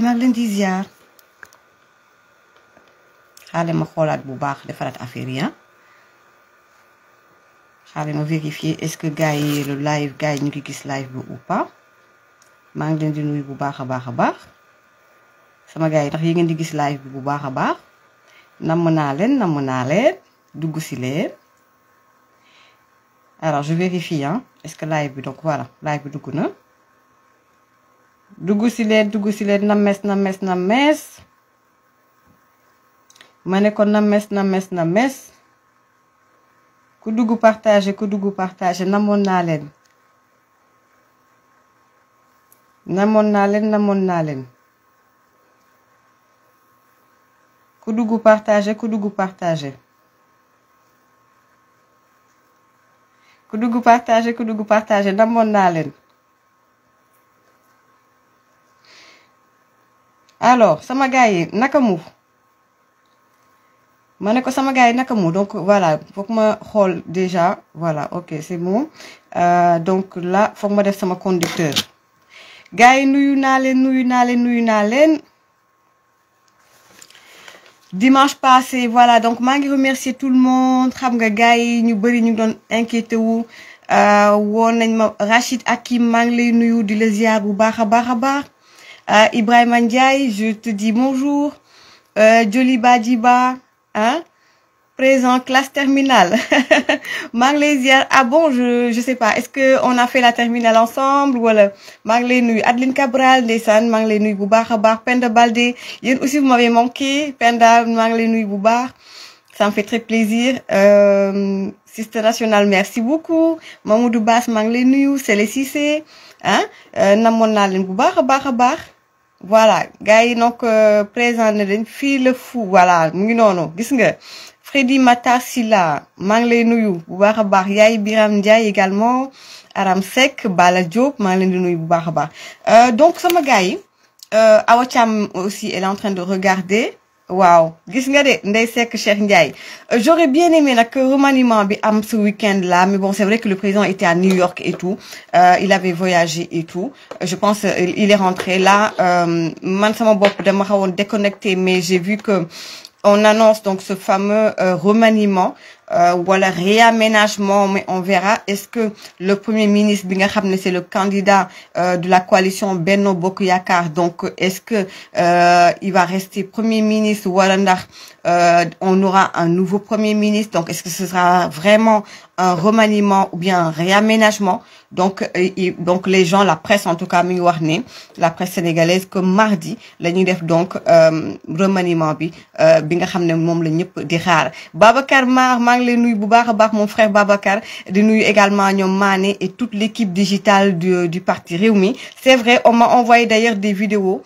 gars yi maa di ziar xaale ma xoolaat bu baax defalat affaire yi xale ah. ma vérifier est-ce que gars le live gars yi ñu gis live bi ou pas maa ngi leen di nuyu bu baax a baax sama gars tax yi di gis live bi bu baax a baax namm naa leen namm naa dugg si alors je vérifie hein est-ce que live bi donc voilà live bi dugg na. dugg si leen dugg si leen names names names ma ne ko names names names ku dugg partagé ku dugg partagé namoon naa leen namoon naa leen namoon naa leen ku dugg partagé ku dugg partagé ku dugg partagé ku dugg partagé namoon naa leen alors sama gars nakamou. Maneko ko sama gars nakamou. donc voilà que ma xool déjà voilà ok c'est bon euh, donc là que ma def sama conducteur gars yi nuyu naa leen nuyu naa nuyu dimanche passé voilà donc maa ngi remercier tout le monde xam nga gars yi ñu bëri ñu doon inquiété wu euh, woon nañ ma Rachid Hakim maa lay nuyu di bu euh, Ibrahim Ndiaye, je te dis bonjour. Euh, Joliba Djiba, hein? Présent, classe terminale. ah bon, je, ne sais pas. Est-ce que on a fait la terminale ensemble? Voilà. alors? Adeline Cabral, Desan Manglé Nui Boubar, Rabar, Penda Baldé. aussi, vous m'avez manqué. Penda, Manglenui Boubar. Ça me fait très plaisir. Euh, Sister National, merci beaucoup. Mamoudou Bass, Manglé C'est Célé Sissé. Hein? Euh, voilà gars donc euh, présenté une fille fou voilà non non quest Freddy Matasila, Sylla lay nuyu bu Biram également Aram Sek Bala Diop euh, donc sama gars yi euh, Awa aussi elle est en train de regarder Wow, euh, j'aurais bien aimé que remaniement bi ce week-end là mais bon c'est vrai que le président était à New York et tout euh, il avait voyagé et tout euh, je pense il est rentré là man sama de déconnecté mais j'ai vu que on annonce donc ce fameux remaniement euh, voilà, réaménagement mais on verra est-ce que le premier ministre bi c'est le candidat euh, de la coalition Benno Bokuyakar? donc est-ce que euh, il va rester premier ministre ou alors euh, on aura un nouveau Premier ministre. Donc, est-ce que ce sera vraiment un remaniement ou bien un réaménagement Donc, euh, donc les gens, la presse en tout cas, la presse sénégalaise, que mardi, la donc euh, remaniement bi bi nga Babacar Mar mon frère Babacar di nous également et toute l'équipe digitale du du parti Réumi C'est vrai, on m'a envoyé d'ailleurs des vidéos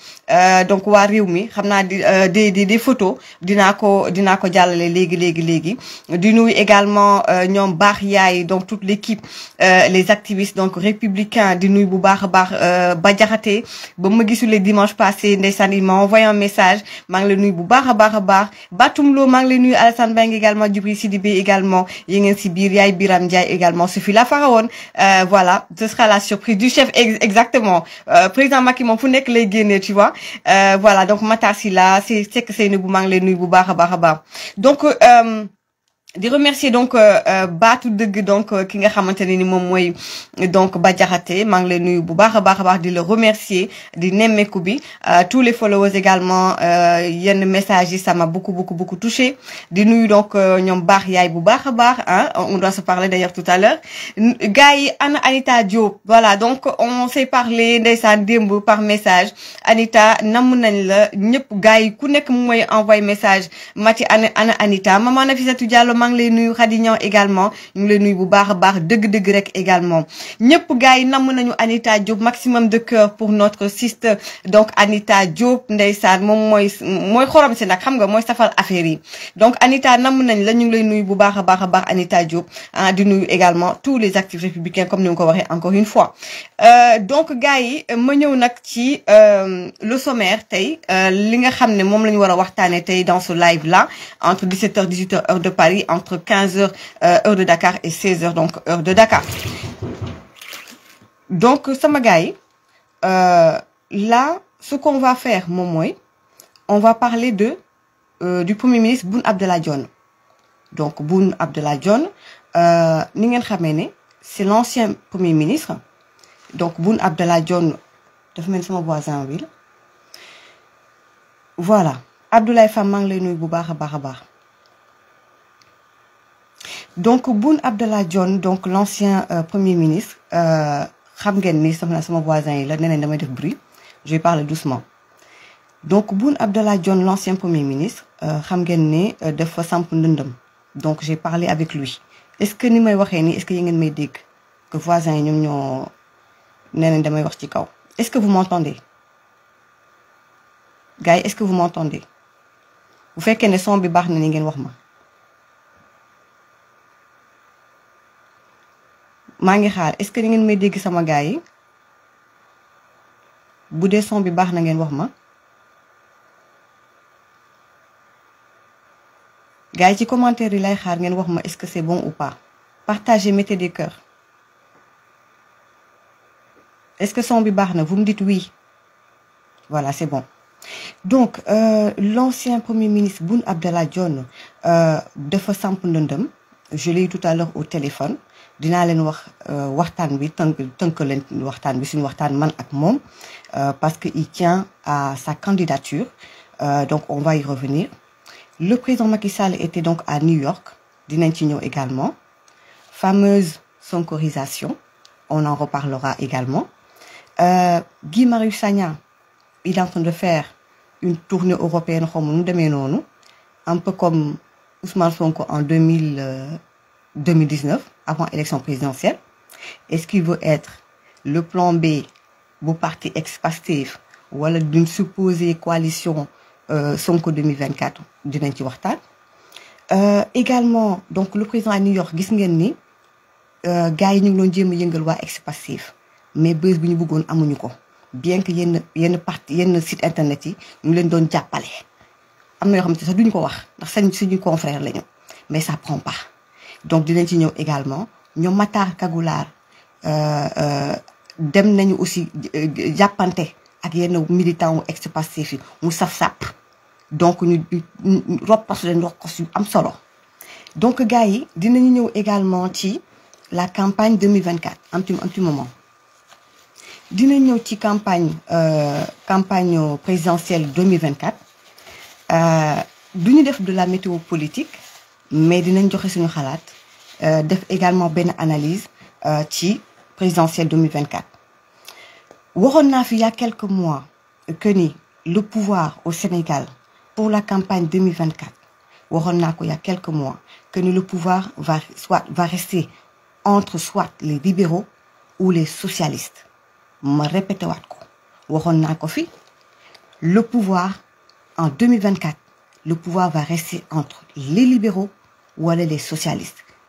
donc ou Rewmi Réumi. des photos d'une dinako dinaa ko jàllale léegi également euh, ñom baax yaay donc toute l'équipe euh, les activistes donc républicains di nuyu bu baax a baax euh, ba jaxaté ba ma dimanche passé ndeysaan il m'a envoyé un message mang le nuy bu baax baax baax Batum Lo Alassane Mbengue également Djibril Sidibé également yi ngeen si yaay Biram également su fi la voilà ce sera la surprise du chef exactement président Macky fu nek lay tu vois voilà donc Matasi Sylla c'est c'est que nuy une mang le nuy bu baax rabat, Donc, euh, euh di remercier donc euh, euh, baatu deug donc euh, ki nga xamanteni ni mom moy donc ba Diakhaté mang Bubar lay nuyu bu baax di le remercier di nemmeeku bi tous les followers également yenn message yi ça m'a beaucoup beaucoup beaucoup touché di nuyu donc ñom baax yaay bu hein. on doit se parler d'ailleurs tout à l'heure gaay ana Anita Diop voilà donc on s'est parlé ndeysaan démb par message Anita namm nañ la ñëpp gaay ku nek moy envoyer message mati ana ana Anita maman Nafissatou Diallo les lay nuyu également ñu lay nuyu bu également maximum de cœur pour notre sister donc Anita Diop xorom safal affaire donc Anita nañ la ñu lay nuyu bu Anita ah, également tous les actifs républicains comme ni encore une fois euh, donc gaay ma euh, le sommaire euh, ne nous dans ce live là entre 17h 18h de Paris entre 15h, euh, heure de Dakar, et 16h, donc heure de Dakar. Donc, sama euh, là, ce qu'on va faire mon on va parler de euh, du premier ministre Boun Abdallah donc Boun Abdallah ni c'est l'ancien premier ministre donc Boun Abdallah john de voisin en voilà Abdoulaye Fam maa donc Boun Abdallah John donc l'ancien euh, premier ministre euh, voisin bruit je vais parler doucement donc Boun Abdallah Dion, l'ancien premier ministre je vais parler donc j'ai parlé avec lui est-ce que ni m'entendez est-ce que que est-ce que vous m'entendez gars est-ce que vous m'entendez vous ne son bi mangi ngi est-ce que ni ngeen may dégg sama gaay bu dee son bi baax na ngeen wax ma gaay ci commentaire yi lay xaar ngeen wax ma est-ce que c'est bon ou pas partagez mettez des cœurs est-ce que son bi baax na vous me dites oui voilà c'est bon donc euh, l'ancien premier ministre Boun Abdallah Dionne euh, dafa samp ndëndëm je l'ai eu tout à l'heure au téléphone dinaa leen wax euh, waxtaan bi tënk tënk leen waxtaan bi suñu waxtaan man ak euh, parce que il tient à sa candidature euh, donc on va y revenir le président Macky Sall était donc à New York dinañ ci également fameuse soncorisation. on en reparlera également Guy Marius Sagna il est en train de faire une tournée européenne xaw ma un peu comme Ousmane Sonko en 2000 2019 avant l'élection présidentielle Est-ce qu'il veut être le plan B bu parti expastif ou wala d'une supposée coalition euh, Sonko 2024 de ci euh, également donc le président à New York gis ngeen ni euh, gars yi ñu ngi doon a yëngal waa ex mais bés bi ñu bëggoon amuñu bien que y ait parti site internet nous ñu leen doon jàppale am na yoo xam ne sax duñu ko wax ndax mais ça prend pas donc dinañ ci ñëw également ñoom Matar euh, euh dem nañu aussi euh, jàppante ak yenn militant ou ex-Pastef mu saf sap donc ñu le leen de yu am solo donc gaay yi également ci la campagne 2024 un petit moment Nous ñëw ci campagne euh, campagne présidentielle 2024 nous duñu def de la météo politique mais dinañ joxe suñu xalaat euh, def également Ben analyse euh, ci présidentielle 2024 il y a quelques mois que ni le pouvoir au Sénégal pour la campagne 2024 il y a quelques mois que le pouvoir va soit va rester entre soit les libéraux ou les socialistes Je répète, waat le pouvoir en 2024 le pouvoir va rester entre les libéraux ou les socialistes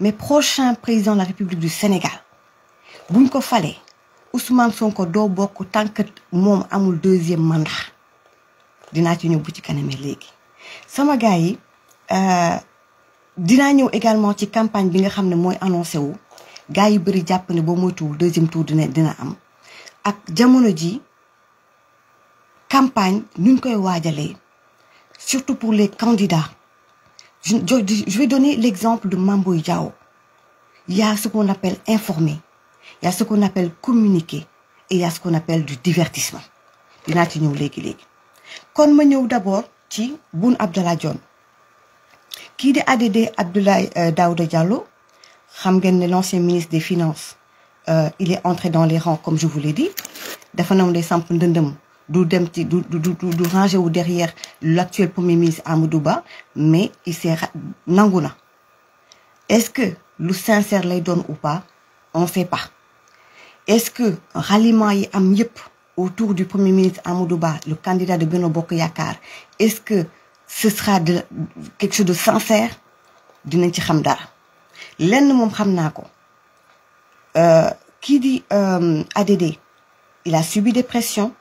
mais prochain président de la république du Sénégal buñ ko Ousmane Sonko doo bokk tànk Mom amul deuxième mandat dina ci ñëw bu ci kanamee léegi. sama yi euh, ñëw également ci campagne bi nga xam ne annoncé wu gars yu bëri jàpp ne boo moytuwul deuxième tour dina dina am ak jamono ji campagne nuñ koy waajalee surtout pour les candidats. Je, je, vais donner l'exemple de Mambo Yao. Il y a ce qu'on appelle informer, il y a ce qu'on appelle communiquer et il y a ce qu'on appelle du divertissement. Dina ci ñëw léegi Quand on ma ñëw d'abord ci Boun Abdallah Dionne qui di ADD Abdoulaye euh, Daouda Diallo xam ngeen l'ancien ministre des finances euh, il est entré dans les rangs comme je vous l'ai dit dafa nam de samp du dem ci derrière l'actuel premier ministre Amadou Ba mais il s'est nangu est-ce que le sincère lay donne ou pas on ne sait pas est-ce que ralliement yi am autour du premier ministre Amadou Ba le candidat de Beno Yakar, est-ce que ce sera de quelque chose de sincère de ci xam dara lenn moom xam dit euh, euh ADD il a subi des pressions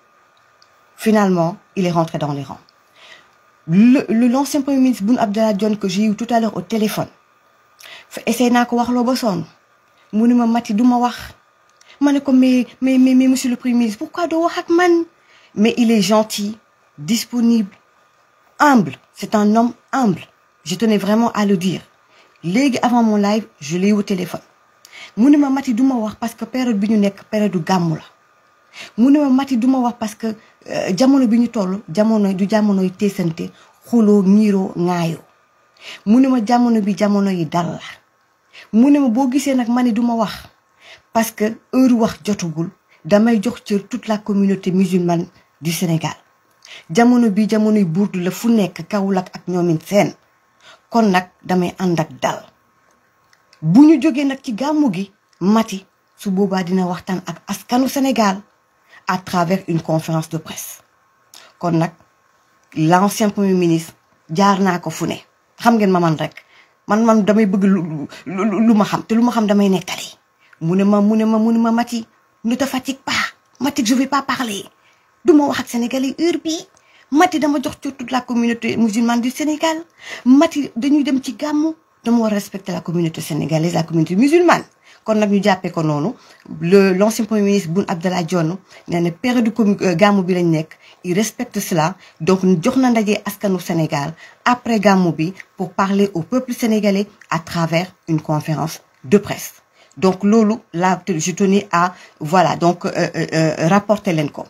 Finalement, il est rentré dans les rangs. Le, l'ancien premier ministre Boun Abdallah que j'ai eu tout à l'heure au téléphone essayé de le wax loo ba ne ma wax mais mais mais monsieur le premier ministre pourquoi do wax mais il est gentil disponible humble c'est un homme humble je tenais vraiment à le dire légue avant mon live je l'ai eu au téléphone mu ne ma Maty parce que période bi période du mu ne ma Mati du ma wax parce que euh, jamono bi ñu toll jamono du jamonoy teesante xuloo ñiiroo ŋaayoo mu ne ma jamono bi jamono yi dal la mu ne ma boo gisee nag ma ne du ma wax parce que heure wax jotugul damay jox cër tout la communauté musulmane du Sénégal jamono bi jamonoy burdu la fu nekk Kaolack ak ñoomin seen kon nag damay ànd ak dal bu ñu jógee nag ci gàmmu gi Mati su boobaa dina waxtaan ak askanu Sénégal à travers une conférence de presse kon l'ancien premier ministre jaar naa ko fu ne xam ngeen ma Je rek man man damay bëgg lu xam te lu xam damay nettali mu ne ma mu ne ma je ne ne te fatigue pas Maty je vais pas parler du ma wax ak sénégalais urbi. Mati dama jox ci toute la communauté musulmane du Sénégal Mati dañuy dem ci gamu, dama respecter la communauté sénégalaise la communauté musulmane kon nag ñu jàppee ko noonu l'ancien premier ministre Boun Abdallah Dionne nee na période euh, gàmmu bi lañ nek il respecte cela donc jox na ndaje askanu Sénégal après gàmmu bi pour parler au peuple sénégalais à travers une conférence de presse donc lolu la je tenais à voilà donc euh, euh, rapporter len ko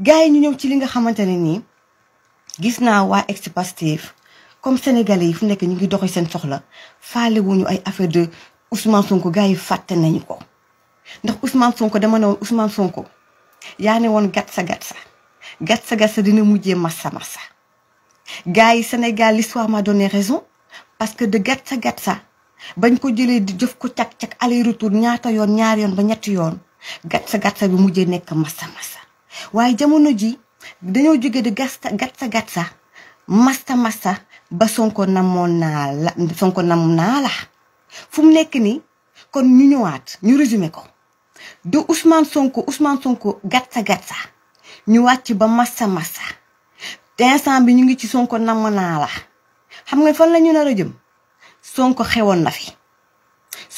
gaay ñu ñëw ci li nga xamante ni nii gis naa waa ex comme sénégalais yi fu nek ñu ngi doxé sen soxla faale wuñu ay affaire de Ousmane Sonko gars yi fàtte nañu ko ndax Ousmane Sonko dama ne woon Ousmane Sonko yaa ne woon gatsa gatsa gatsa dina mujjee massa massa. gars yi Sénégal l'histoire m'a donné raison parce que de gatsa gatsa bañ ko jëlee di jëf ko cak cak aller ñaata yoon ñaar yoon ba ñetti yoon gatsa gatsa bi mujjee nekk massa massa waaye jamono ji dañoo jóge de gasta gatsa gatsa masta masta ba Sonko namoon naa la Sonko nam naa la. fu mu nekk nii kon ñu ñëwaat ñu résumé ko du Ousmane Sonko Ousmane Sonko gatsa gatsa ñu wàcc ba massa massa te instant bi ñu ngi ci Sonko namm naa la xam nga fan la ñu nar a Sonko xewoon na fi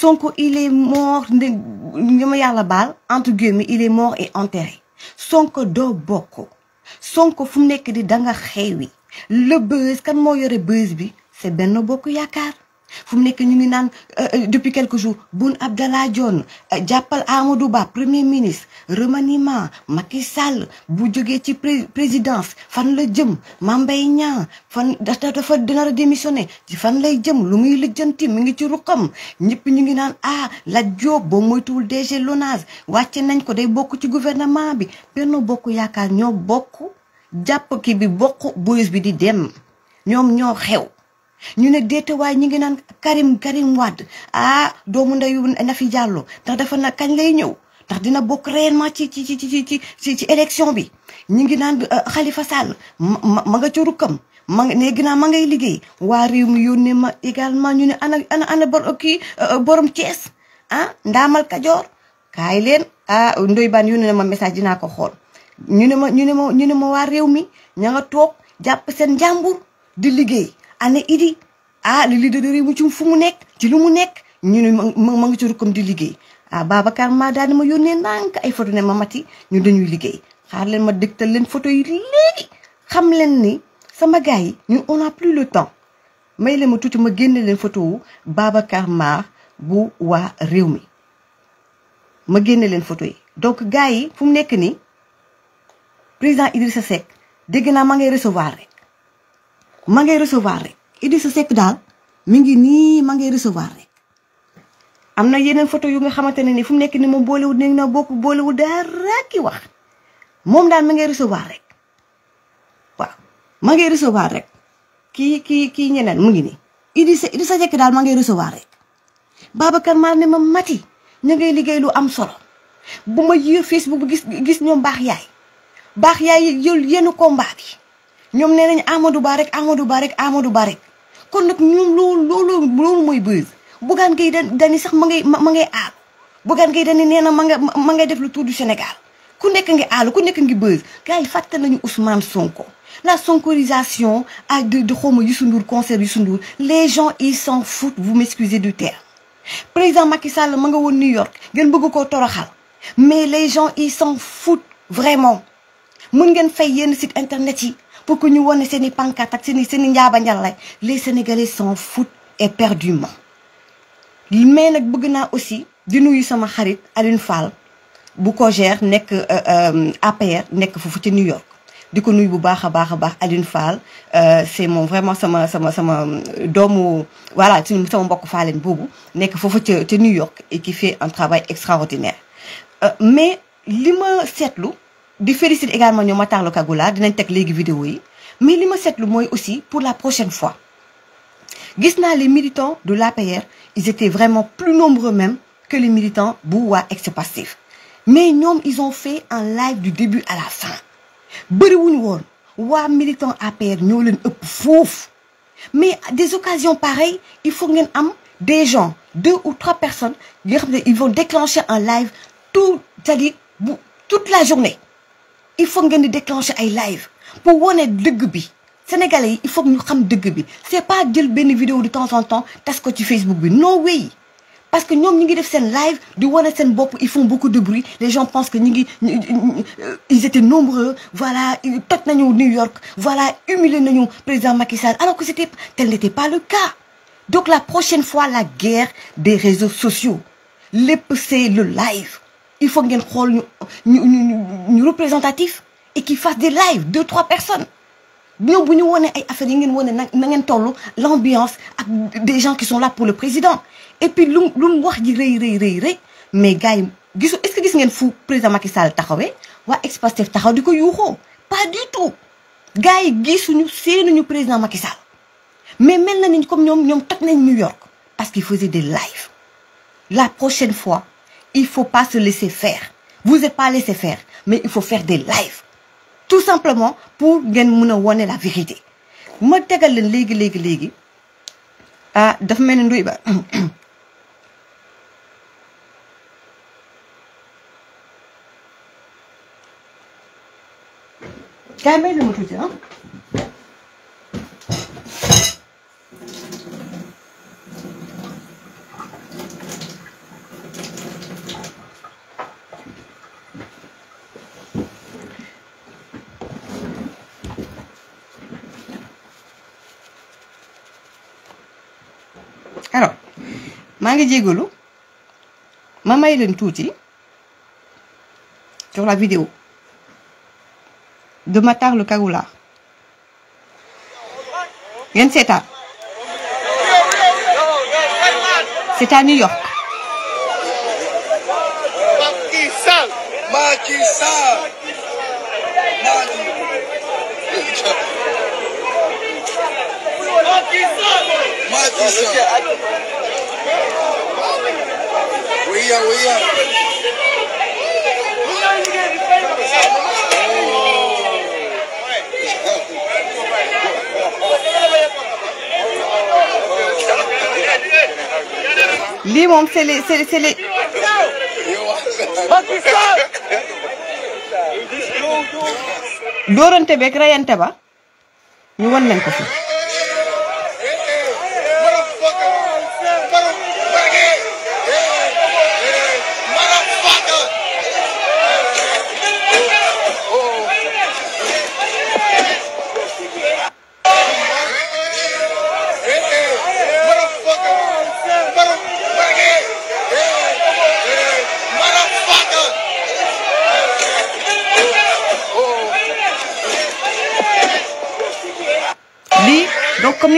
Sonko il mort nde nga ma yàlla baal entre guillemets il est mort et enterré Sonko doo bokk Sonko fu mu nekk di da nga xeewi le kan moo yore buzz bi c'est Benno Bokk Yaakaar. Vous me dites ñu euh, euh, depuis quelques jours Boun Abdallah John, euh, Japal Amadou premier ministre remaniement Macky Sall présidence fan la jëm Mambay fan dafa dafa dina démissionné ci fan lay jëm lu muy lijjanti mi ah Lat Diop boo Watchenen DG Lonase gouvernement bi Benno Bokk Yaakaar ñoo ki bi dem Nyom ñoo xew ñu ne déetewaay ñu ngi naan Karim Karim Wade ah doomu ndeyu Nafi Diallo ndax dafa na kañ lay ñëw ndax dina bokk réellement ci ci ci ci ci ci élection bi ñu ngi naan euh, Khalifa Sall ma nga ca ma ne ginnaaw ma ngay liggéey waa réew mi yónnee ma également ñu ne ana ana ana bor kii euh, euh, borom Thiès ah ndaamal Kajoor kaay leen ah ndoy baan yónnee ma message dinaa ko xool ñu ne ma ñu ne ma ñu ne waa réew mi ña nga toog jàpp seen njàmbur di liggéey ana idi ah le leader de réew ci fu mu nekk ci lu mu nekk ñu ne ma ngi ci rukkam di liggéey ah Babacar ma daal di ma ay photo ne ma mati ñu dañuy liggéey xaar leen ma dégtal leen photo yi léegi xam leen ni sama gars yi ñun on a plus le temps may leen ma tuuti ma génne leen photo wu Babacar Mar bu waa réew mi ma génne leen photo yi donc gars yi fu mu nekk nii président Idrissa Seck dégg naa ma ngay recevoir rek ma ngay recevoir rek Idrissa Seck daal mi ngi nii ma ngay recevoir rek am na yeneen photo yu nga xamante ne ni fu mu nekk ni moom boolewul ne na bokk boolewul dara ki wax moom daal ma recevoir rek waaw ma recevoir rek kii kii kii ñeneen mu ngi nii Idrissa Idrissa Seck recevoir rek Mar ne ma mati lu am solo Facebook gis gis ñoom baax yaay baax yaay combat bi ñom nee nañ Amadou barek Amadou barek Amadou barek rek kon nag ñoom lolu lolu moy mooy bu gan Gueye dañi sax ma ngay ma ngay a bu gan Dany dañi na ma nga ma ngay def lu tour du Sénégal ku nek ngi aal ku nek ngi buzz gay faté nañu Ousmane Sonko la sonkorisation ak de de xawma Youssou Ndour concert Youssou les gens ils s'en foutent vous m'excusez de terre. président Macky Sall ma nga won New York gën bëgg ko toroxal mais les gens ils s'en foutent vraiment mën ngeen fay yenn internet pour que ñu les sénégalais s'en foutent éperdument mais aussi di sama xarit Fall bu euh, euh, APR New York di ko bu baax euh, c'est mon vraiment sama sama sama doomu voilà sama New York et qui fait un travail extraordinaire mais li ma di félicite également ñoom Matar Lo dinañ vidéo mais me ma le aussi pour la prochaine fois les militants de l'APR ils étaient vraiment plus nombreux même que les militants de waa ex mais ils ont fait un live du début à la fin bëriwuñu woon militant APR ñoo mais des occasions pareilles il faut que des gens deux ou trois personnes ils vont déclencher un live tout toute la journée il faut qu'on di déclencher ay live pour One de bi sénégalais il faut que xam dëgg bi Ce n'est pas faire des vidéo de temps en temps tas ko ci Facebook non oui. parce que nous, ñu ngi def live di ils font beaucoup de bruit les gens pensent que euh, ils étaient nombreux voilà toj nañu New York voilà humilié le président Macky Sall alors que c'était n'était tel n'était pas le cas donc la prochaine fois la guerre des réseaux sociaux Les PC, le live il faut qu'il y ait un représentatif et qu'il fasse des lives deux trois personnes Nous avons fait l'ambiance des gens qui sont là pour le président et puis nous avons dit, mais gars est-ce que gis ngeen fou président Macky Sall taxawee ou ex-Pastef taxaw di pas du tout gars nous c'est le président Macky Sall mais mel na ni comme ñoom ñoom New York parce qu'il faisait des lives la prochaine fois il faut pas se laisser faire. Vous n'êtes pas laissé faire, mais il faut faire des lives. Tout simplement pour que vous la vérité. ma tegal le léegi léegi léegi ah dafa mel ni nduy ba kaay vous mangi ngi ma may len touti sur la vidéo de Matar le Kagoulard yen seetaan c'est à New York. Macky Sall Macky Sall we up, we up. Limon seli seli seli. dóorante beeg rayante ba ñu won nañ ko fi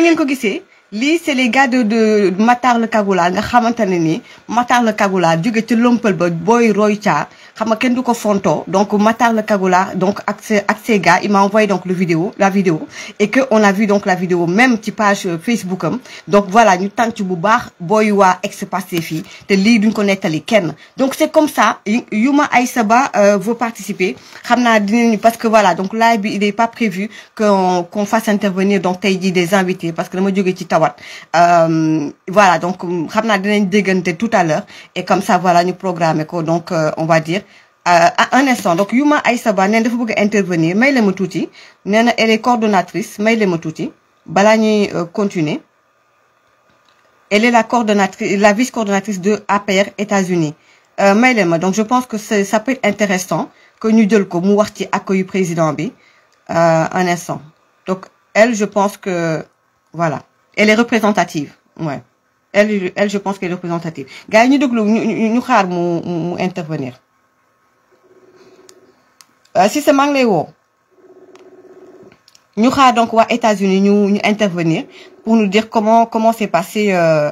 ngeen ko gisee lii c'est les gars de de Matar le Kagoula nga xamante ni Matar le Kagoula jóge ci boy ba booy Roy cha xam kenn du ko fonto donc Matar le Kagola donc accès accès gars il m'a envoyé donc le vidéo la vidéo et que on a vu donc la vidéo même ci page euh, Facebook donc voilà ñu tant bu baax booy ex Pastef te duñ ko netali kenn donc c'est comme ça yuma Aïssa Ba euh, vous participer xamna parce que voilà donc live il est pas prévu qu'on qu'on fasse intervenir donc tey des invités parce que dama module ci tawat euh, voilà donc xamna dinañ tout à l'heure et comme ça voilà ñu programmer ko donc on va dire euh, un instant donc Yuma Aïsaba, Ba pas intervenir mais elle est coordonnatrice euh, elle est la coordonnatrice la vice coordonnatrice de APR États-Unis euh, donc je pense que ça peut être intéressant que nous jël accueillir le président un instant donc elle je pense que voilà elle est représentative ouais elle elle je pense qu'elle est représentative gars de intervenir. Euh, si c'est mangé nous nous donc aux États-Unis nous intervenir pour nous dire comment comment s'est passé euh,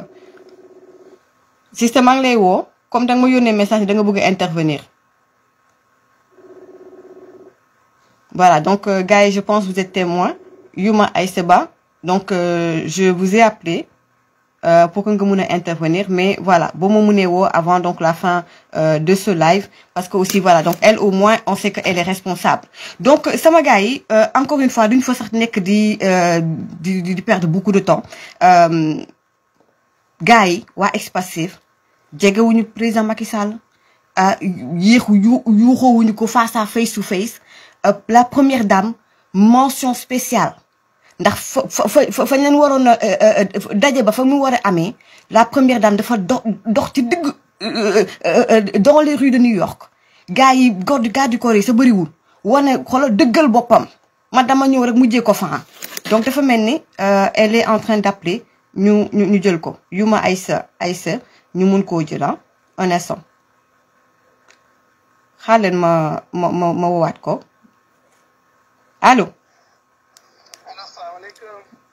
si c'est mangé ou comme danga ma message vous intervenir voilà donc euh, gars je pense vous êtes témoin Yuma Aïseba donc je vous ai appelé euh, pour que nous intervenir mais voilà bon moment avant donc la fin euh, de ce live parce que aussi voilà donc elle au moins on sait qu'elle est responsable donc sama euh, encore une fois d'une fois certaine, que di di di perdre beaucoup de temps ou yi waa Expassif président Macky Sall face à face face la première dame mention spéciale ndax fa fa fañ ñu leen waroon e, e, e, ba fa mu war a la première dame dafa dox ci dig dans les rues de New York gaay yi garde garde corps yi sa bëriwul woné xoolal deugal bopam ma dama ñëw rek mujjé ko fan donc dafa melni elle est en train d'appeler ñu ñu jël ko Yuma Aïssa Aïssa ñu mun ko jël ah un instant ma ma ma woowaat ko allô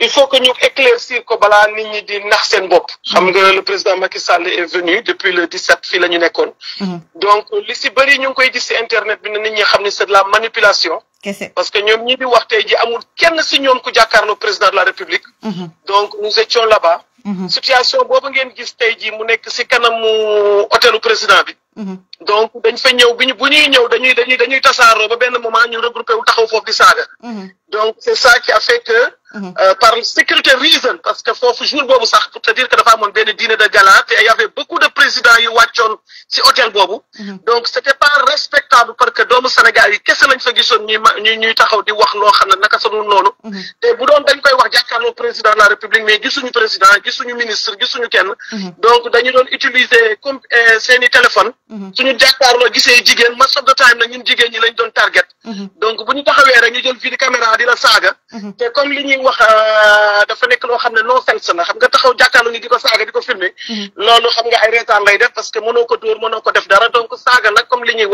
il faut que nous éclaircir que bala nit ñi di nax sen bop xam nga le président Macky Sall est venu depuis le 17 fi lañu ñu mhm. donc li si bëri ñu ngi koy gis ci internet bi ne nit ñi xamni c'est de la manipulation. parce que ñom ñi di wax tay ji amul kenn si ñom ku jàkkaarloo président de la république. Mhm. donc nous étions là-bas. Mhm. situation bobu ngeen gis tay ji mu nekk si kanamu hôtelu président bi. donc dañ fa ñew bi ñu bu ñuy ñëw dañuy dañuy dañuy tasaaroo ba ben moment ñu regroupé wu taxaw fofu di Saga. donc c'est ça qui a fait que. Mhm. Euh, par sécurité reason parce que foofu jour boobu sax pour te dire que dafa amoon benn dîner de gala te y beaucoup de présidents yu wàccoon si hôtel boobu mhm. donc c'était pas respectable parce que doomu Sénégal yi kese lañ fa gisoon ñuy ñuy ñuy taxaw di wax loo xam ne naka sanul noonu mhm. te bu doon dañ koy wax jàkkaarloo président de la République mais gisuñu président gisuñu ministre gisuñu kenn donc dañu doon utiliser comme euh, seeni téléphone suñu jàkkaarloo gisee jigéen most of the time nag ñun jigéen ñi lañ doon target donc bu ñu taxawee rek ñu jël fii di caméra di la saaga te comme li mu wax euh, dafa nekk loo xam ne non sens na xam nga taxaw jàkkaarloo mm-hmm. loolu xam nga ay reetaan lay def parce que mënoo ko dóor mënoo ko def dara donc saaga nag comme li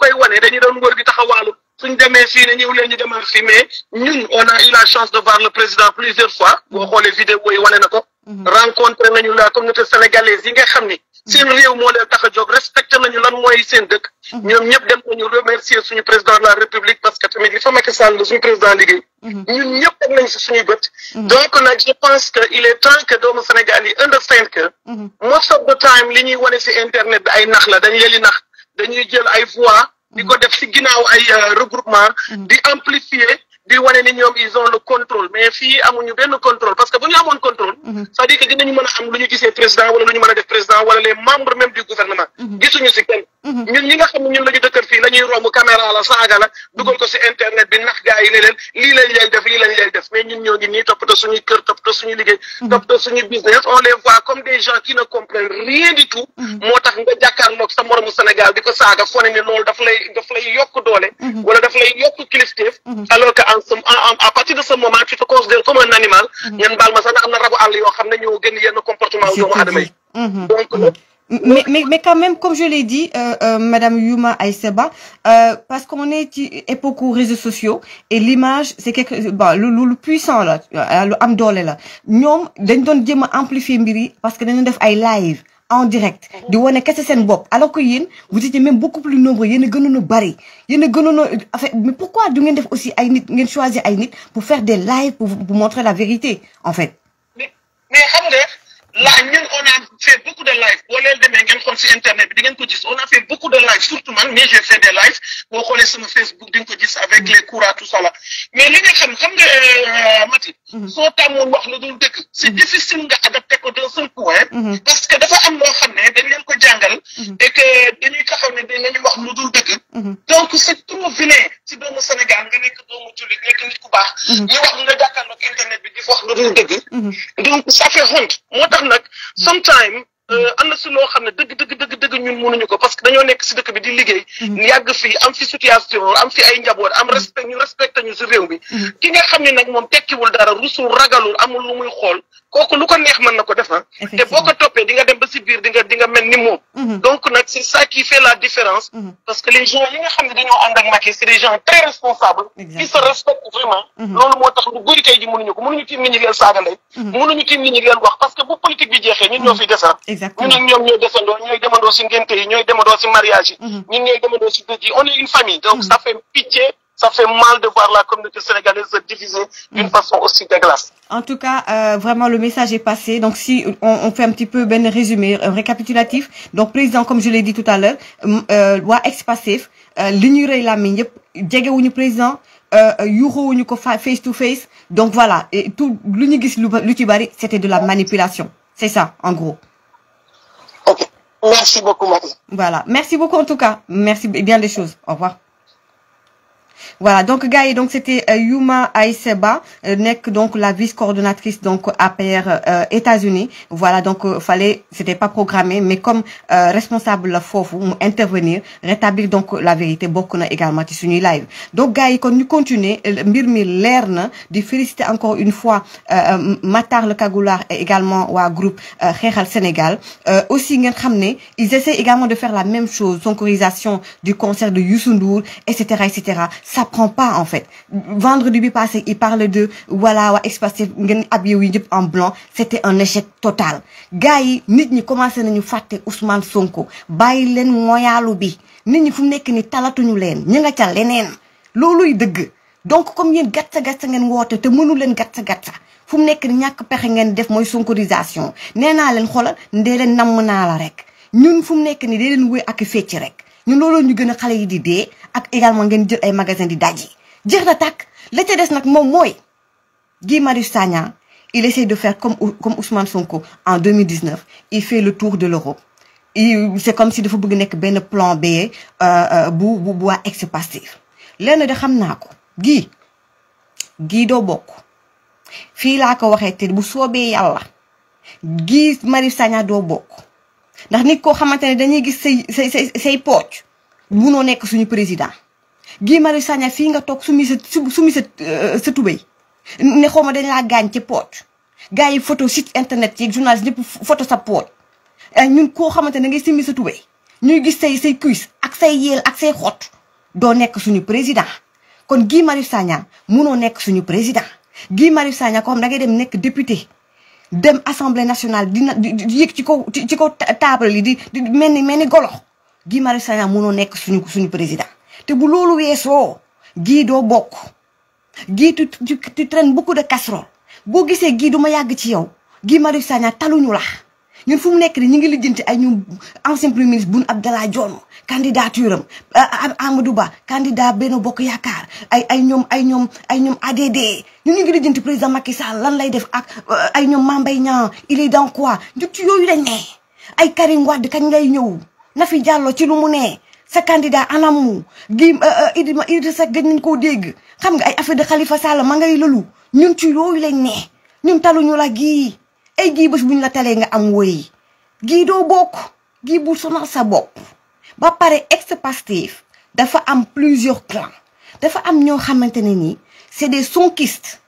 koy wane dañu doon wër di taxawaalu suñ demee fii ne on a eu la chance de voir le président plusieurs fois boo mm-hmm. vidéo yi na ko mm-hmm. rencontré nañu la communauté sénégalaise yi nga xam ni seen réew moo leen tax a jóg respecté nañu lan mooy seen dëkk. Mhm. ñoom ñëpp dem nañu remercier suñu président de la république parce que tamit li fa Macky Sall la suñu président liggéey. Mhm. ñun ñëpp teg nañ si suñuy bët. Mhm. donc nag je pense que il est temps que doomu Sénégal yi understand que. most of the time li ñuy wane si internet bi ay nax la dañu leen di nax dañuy jël ay voix. di ko def si ginnaaw ay euh, regroupement di amplifier. di wane ni ñoom ils ont le contrôle mais fii amuñu benn contrôle parce que bu ñu amoon contrôle mhm. c'est-à-dire que dinañu mën a am lu ñu gisee président wala lu ñu mën a def président wala les membres même du gouvernement mhm. gisuñu si kenn Mhm. ñun ñi nga xam ne ñun la ñu dëkkal fii la ñuy romb caméra la saaga la dugal ko si internet bi nax gaa yi ne leen lii lañ lay def lii lañ lay def mais ñun ñoo ngi nii toppatoo suñuy kër toppatoo suñuy liggéey mhm. business on les comme de gens qui ne comprennent rien du tout mhm. moo tax nga jàkkaarloog sa moromu Sénégal di ko saaga foo ne ne loolu daf lay daf lay yokk doole wala daf lay yokk kilifteef alors que en en à partir de ce moment tu te considères comme un animal ñen baal ma sax na am na rabu àll yoo xam ne ñoo gën yenn comportement doomu mais, mais, mais, quand même, comme je l'ai dit, euh, euh Madame Yuma Aïseba, euh, parce qu'on est époque aux réseaux sociaux et l'image, c'est quelque bah, le, puissant là, le nous, là. ñoom dañ amplifié parce que dañu def ay live en direct di ce que c'est bopp alors que yéen vous étiez même beaucoup plus nombreux vous a gënoon a bari mais pourquoi du ngeen aussi ay nit pour faire des lives pour montrer la vérité en fait. mais xam là ñun on a fait de live boo demee ngeen xool si internet bi di ngeen ko gis on a fait de live surtout man mais j'ai fait des lives boo xoolee sama Facebook di nga ko gis avec les cours tout ça là mais li nga xam xam nga euh, Mati. Mhm. soo tàmmoon wax lu dul mhm. mhm. que dafa am loo xam ne dañ leen ko jàngal. et que ne dañuy wax lu dul dëkk. donc c'est trop vilain si doomu Sénégal nga nekk doomu jullit nekk nit ku baax. ñu wax nga jàkkaarloog internet bi di wax lu dul dëgg. donc ça fait honte moo tax nag mm. sometime mm. Euh, am na si loo xam ne dëgg dëgg dëgg dëgg ñun mënuñu ko parce que dañoo nekk si dëkk bi di liggéey mm. yàgg fi am fi situation am fi ay njaboot am respect ñu respect ñu si réew mi ki nga xam ne nag moom tekkiwul dara rusul ragalul amul lu muy xool kooku lu ko neex mën na ko defa ah. te boo ko toppee di nga si biir di mel ni moom mm-hmm. donc nag c'est ça qui fait la différence mm-hmm. parce que les gens yi nga xam ne dañoo ànd ak Macky c'est des gens très responsables qui se respectent vraiment mm-hmm. loolu moo tax lu bëri tey ji mënuñu ko mënuñu tiim nit ñi leen saaga ndey mënuñu tiim nit ñi leen wax parce que bu politique bi jeexee ñun ñoo fiy desar ah. ñun ñooy demandoo si ngénte yi ñooy demandoo si mariage yi ça fait mal de voir la communauté sénégalaise se diviser d'une mm. façon aussi dégueulasse. En tout cas, euh, vraiment, le message est passé. Donc, si on, fait un petit peu ben résumé, récapitulatif. Donc, président, comme je l'ai dit tout à l'heure, euh, loi ex-passif, euh, la mine, jégewuñu président, Euro euh, ko face to face. Donc, voilà. Et tout, c'était de la manipulation. C'est ça, en gros. Ok. Merci beaucoup, Marie. Voilà. Merci beaucoup, en tout cas. Merci bien des choses. Au revoir voilà donc Gaï, donc c'était euh, Yuma euh, n'est que donc la vice coordinatrice donc APR euh, États-Unis voilà donc fallait c'était pas programmé mais comme responsable faut faut intervenir rétablir donc la vérité beaucoup également ci live donc gars quand nous continuons, continuer Mirmi féliciter encore une fois Matar le Kagoular et également le groupe Xeexal Sénégal aussi ngeen ils essaient également de faire la même chose sonkorisation du concert de Youssou Ndour etc., cetera ça prend pas en fait vendredi bi passé il parle de voilà wa espace en blanc c'était un échec total gars yi nit ñi commencé nañu faté Ousmane Sonko Bay leen moyalu bi nit ñi fu nekk ni talatuñu leen ñu nga ca leneen loluy deug donc comme yeen gatsa gatta ngeen woote te mënu leen gatsa gatsa fu mu nekk ni ñak pexé ngeen def moy sonkorisation néna naa leen xoolal ndee leen la rek ñun fu nekk ni dé leen wéy ak fecc rek ñun ñu gëna xalé yi di dé ak également ngeen jël ay magasin di dajji dire jeex na tàkk la ca des nak mom moy Guy Marius il essaie de faire comme comme Ousmane Sonko en 2019 il fait le tour de l'Europe c'est comme si dafa bëgg nek ben plan B euh, euh bu bu ex-Pastef lenn de xam Guy ko gii gii doo bokk fii laa ko te bu yalla Guy Marius Sagna doo ndax nit ko xamante ne dañuy gis say say say say munoo nekk suñu président Guy Marius Sagna fii nga toog sumi sa sumi sa euh, sa tubéy ne xaw ma dañ laa gaañ ci poot gars yi photo site internet ci journaliste ñëpp photo sa poot ñun koo xamante ne ngay simi sa tubéy ñuy gis say say cuisse ak say yeel ak say xot doo nekk suñu président kon Guy Marius Sagna munoo nekk suñu président Guy Marius Sagna ko xam da ngay dem nekk député dem assemblée nationale dina yëg ci kaw ci kaw table yi di di mel ni mel ni golo Guy Marius Sagna mënoo nekk suñu suñu président te bu loolu weesoo Guy doo bokk Guy tu tren traînes de casserole boo gisee Guy du ma yàgg ci yow Guy Marius Sagna taluñu la ñun fu mu nekk nii ñu ngi lijjanti ay ñu ancien premier ministre Boun Abdallah Dionne candidature am Amadou Ba candidat Benno Bokk Yaakaar ay ay ñoom ay ñoom ay ñoom ADD ñun ñu ngi lijjanti président Macky Sall lan lay def ak ay ñoom Mame Mbaye Niang il est dans quoi njut ci yooyu lañ ne ay Karim Wade kañ lay ñëw Nafi Diallo ci lu mu nee sa candidat anamu gi euh, euh, Idima Idrissa gëj nañ koo dégg xam nga ay affaire de xalifa Sall ma ngay lëlu ñun ci yooyu lañ ne ñun taluñu la gii ay gii bés buñ la talee nga am woy gii doo bokk gii bu sonal sa bopp. ba pare ex-Pastef dafa am plusieurs clans dafa am ñoo xamante ne nii c'est des sonkistes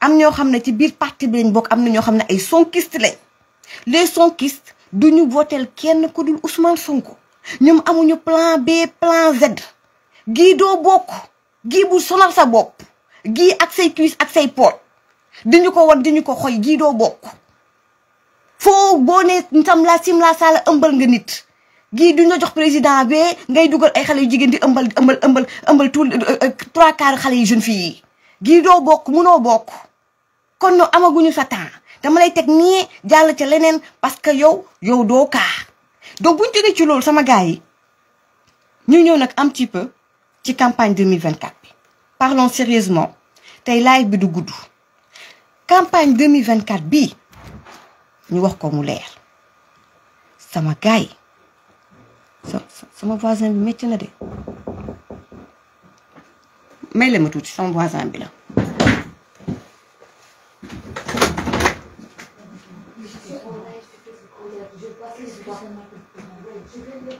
am ñoo xam ne ci biir parti bi lañ bokk am na ñoo xam ne ay sonkistes lañ les sonkistes. duñu votel kenn ku dul Ousmane Sonko ñoom amuñu plan B plan Z gi do bokk gii bu sonal sa bopp gii ak say cuisse ak say poot diñu ko wan diñu ko xoy gii doo bokk foo boo ne la sim la sala ëmbal nga nit gii duñ la jox président be ngay dugal ay xale yu di ëmbal ëmbal ëmbal ëmbal tout euh, euh, trois quarts xale yu jeune fille yi gii doo bokk munoo kon no amaguñu sa damalay tek ni nii jàll parce que yow yow do ka donc buñ jógee ci lool sama gaay ñu ñëw nak un petit peu ci campagne 2024 parlons sérieusement tay live bi du goudou, campagne 2024 bi ñu wax ko mu leer sama gaay yi sama voisin bi metti na de may la ma ci sama voisin bi la Je vais le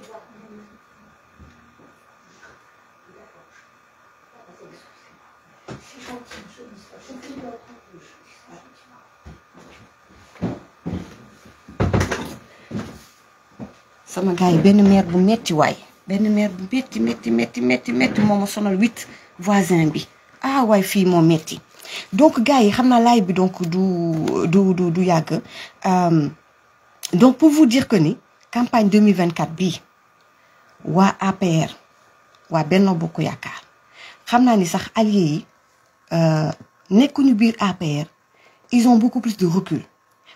voisin ah donc gars donc du du du euh, donc pour vous dire que campagne 2024 bi wa APR wa Benno Bokk yakar xamna ni sax alliés yi euh, nekkuñu bir APR ils ont beaucoup plus de recul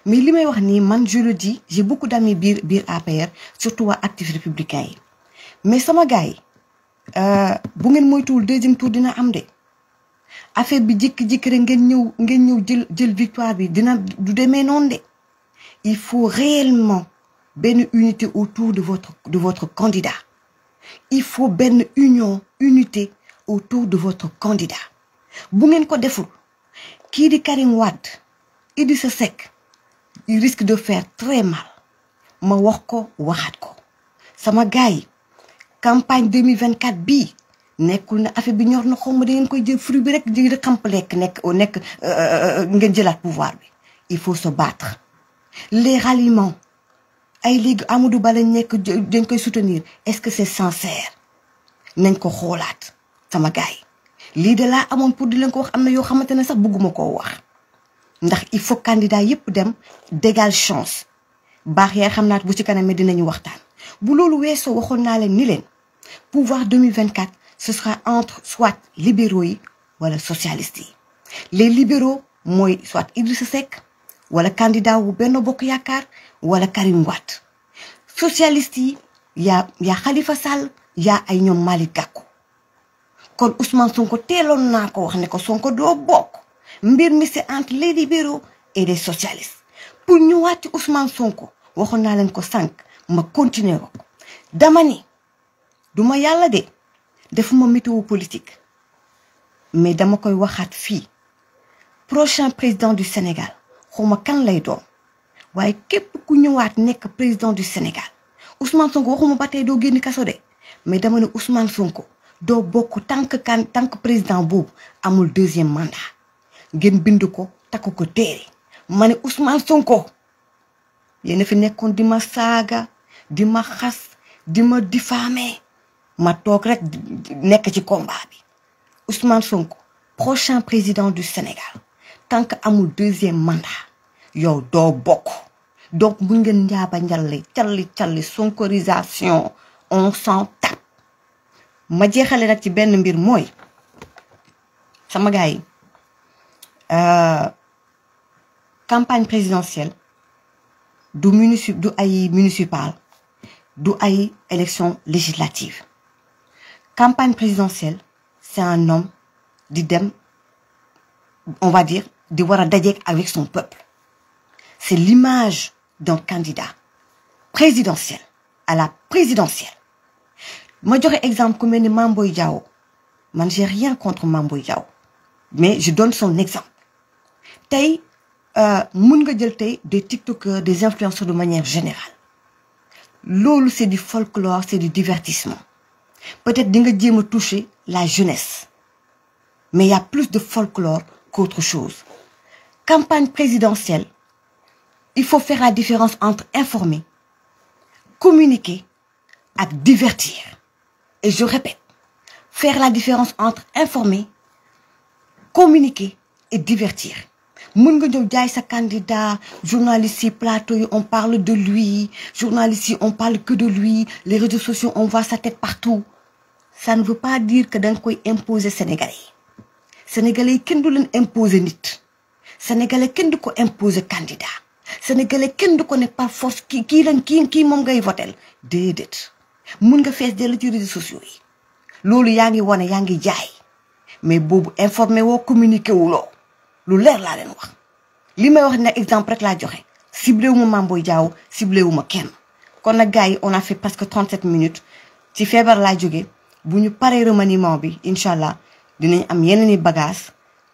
mais lui wax ni man je le dis j'ai beaucoup d'amis bir bir APR surtout wa actifs républicains mais sama gars euh bu ngeen moytuwul deuxième tour dina am de affaire bi jik jik rek ngeen ñëw ngeen jël jël victoire bi dina du démé non de il faut réellement ben unité autour de votre de votre candidat il faut ben union unité autour de votre candidat bu ngeen ko fou qui di Karim Wade Idrissa sec. il risque de faire très mal ma wax ko waxaat ko sama gars campagne 2024 bi nekul na affaire bi ñor na ko ma da ngeen koy jël fruit bi rek di xamp lekk nek nekk euh, euh, euh, ngeen pouvoir bi il faut se battre les ralliements ay léegi Amadou Ba lañ dañ koy soutenir est-ce que c'est sincère nañ ko xoolaat sama gars yi lii de laa amoon pour di leen ko wax am na yoo sax bëgguma koo wax ndax il faut candidat yépp dem d'égal chance baax yaa xam naat bu ci kanam dinañu waxtaan bu loolu weesoo waxoon naa ni leen pouvoir 2024 ce sera entre soit libéraux ou wala socialistes les libéraux soit Idrissa Seck wala candidat wu Benno Bokk wala Karim wat socialiste il y a Khalifa Sall y a ñoom Malick Gakou Quand Ousmane Sonko télon nako, ne ko Sonko do Bok. mbir mi c'est entre les libéraux et les socialistes pour Ousmane Sonko ko ma continuer dama ni duma Yalla de defuma météo politique mais dama koy prochain président du Sénégal xuma kan lay waaye képp ku ñëwaat président du Sénégal Ousmane Sonko waxuma ba tey doo génn mais dama Ousmane Sonko Do bokk tant que tant que président bob amul deuxième mandat ngeen bind ko takk ko téré mané Ousmane Sonko yéen fi nekkoon di ma saga di ma khas di ma diffamer ma tok rek nekk ci combat bi Ousmane Sonko prochain président du Sénégal tant que amul deuxième mandat yow Do bokk donc mun ngeen njaaba njalli calli calli sonkorisation on s'en tape ma jeexale nag ci benn mbir mooy sama gars euh campagne présidentielle du munici du municipal du ay élection législative campagne présidentielle c'est un homme di on va dire di war avec son peuple c'est l'image d'un candidat présidentiel à la présidentielle moi un exemple comme le mambouyao, Moi, rien contre mambouyao, mais je donne son exemple tey euh, des tiktokers des influenceurs de manière générale L'eau, c'est du folklore c'est du divertissement peut-être que nga me toucher la jeunesse mais il y a plus de folklore qu'autre chose campagne présidentielle il faut faire la différence entre informer, communiquer et divertir. Et je répète, faire la différence entre informer, communiquer et divertir. mën nga sa candidat journaliste plateau on parle de lui journaliste on parle que de lui les réseaux sociaux on voit sa tête partout ça ne veut pas dire que d'un coup imposer sénégalais sénégalais qui impose du sénégalais qui imposer candidat sénégalais kenn du ko ne par force qui ki lañ qui ki moom ngay voter dedet mën nga fess dell ci réseaux sociaux yi jaay mais la informé wo communiqué ou lu leer la len wax limay wax exemple rek vous joxé ciblé wu ma Mame a ciblé wu ma kenn kon on a fait presque 37 minutes ci février, vous bu paré remaniement bi inshallah dinañ am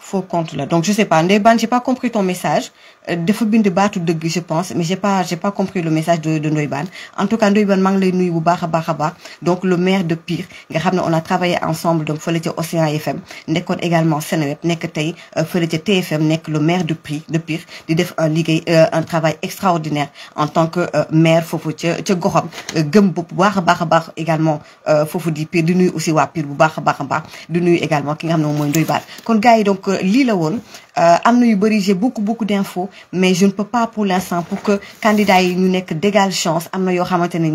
faux compte là donc je sais pas Ndeye j'ai pas compris ton message de euh, dafa bind de gue je pense mais j'ai pas j'ai pas compris le message de de en tout cas Ndoye mangle nuit ou lay nuyu bu donc le maire de Pire nga on a travaillé ensemble donc faut l'être Océan FM nekkoon également Seneweb nekk faut euh, fële TFM Nek le maire de Pire de Pire di def un ligue, euh, un travail extraordinaire en tant que maire Faut faut ca goxam gëm bar bar baax également foofu di Pire di nuyu aussi ou Pire bu bar. a baax a di également ki nga xam moins moom gars donc lii la euh, am yu j'ai beaucoup beaucoup d'infos mais je ne peux pas pour l'instant pour que candidat yi ñu nek d'égal chance am yo yoo ni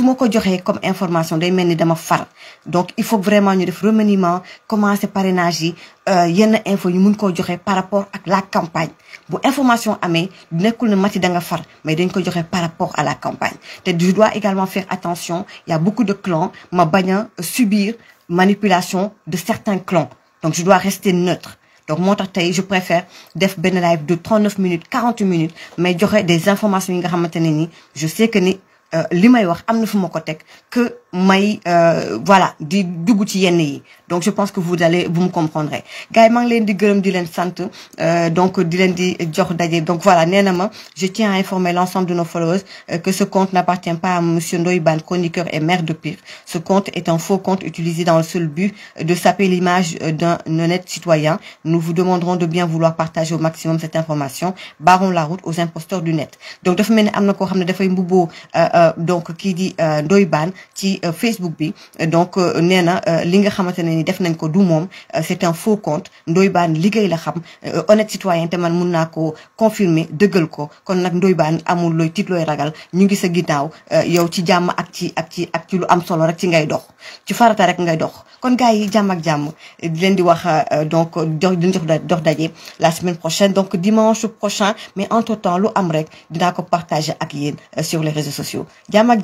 ne ko comme information day melni dama far donc il faut vraiment ñu def remaniement commencer parrainage yi euh, yenn info ñu mun ko joxé par rapport à la campagne bu information amé nekul ne mati da nga far mais dañ ko joxé par rapport à la campagne té je dois également faire attention il y a beaucoup de clans ma baña subir manipulation de certains clans donc je dois rester neutre donc mon je préfère def une live de 39 minutes 40 minutes mais j'aurai des informations je sais que les euh, li que may euh, voilà di dugg donc je pense que vous allez vous me comprendrez gay di euh, donc di di donc voilà néanmoins je tiens à informer l'ensemble de nos followers euh, que ce compte n'appartient pas à monsieur Ndoye chroniqueur et maire de Pire ce compte est un faux compte utilisé dans le seul but de saper l'image d'un honnête citoyen nous vous demanderons de bien vouloir partager au maximum cette information barrons la route aux imposteurs du net donc dafa mel donc qui dit Ndoye ci euh, Facebook bi euh, donc euh, nena li nga xamantene ni c'est un faux compte Ndoye la xam honnête citoyen té man ko confirmer ko kon nak amul loy tit loy ragal ñu ngi sa yow ci jamm ak ci ak ci lu am solo rek ci ngay dox ci farata rek ngay dox kon ak di di donc la semaine prochaine donc dimanche prochain mais entre temps lu am rek dina partager sur les réseaux sociaux jamm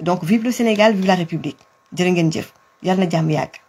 donc vive le Sénégal de la république jërë ngeen jëf yàlla na jàmm yàgg.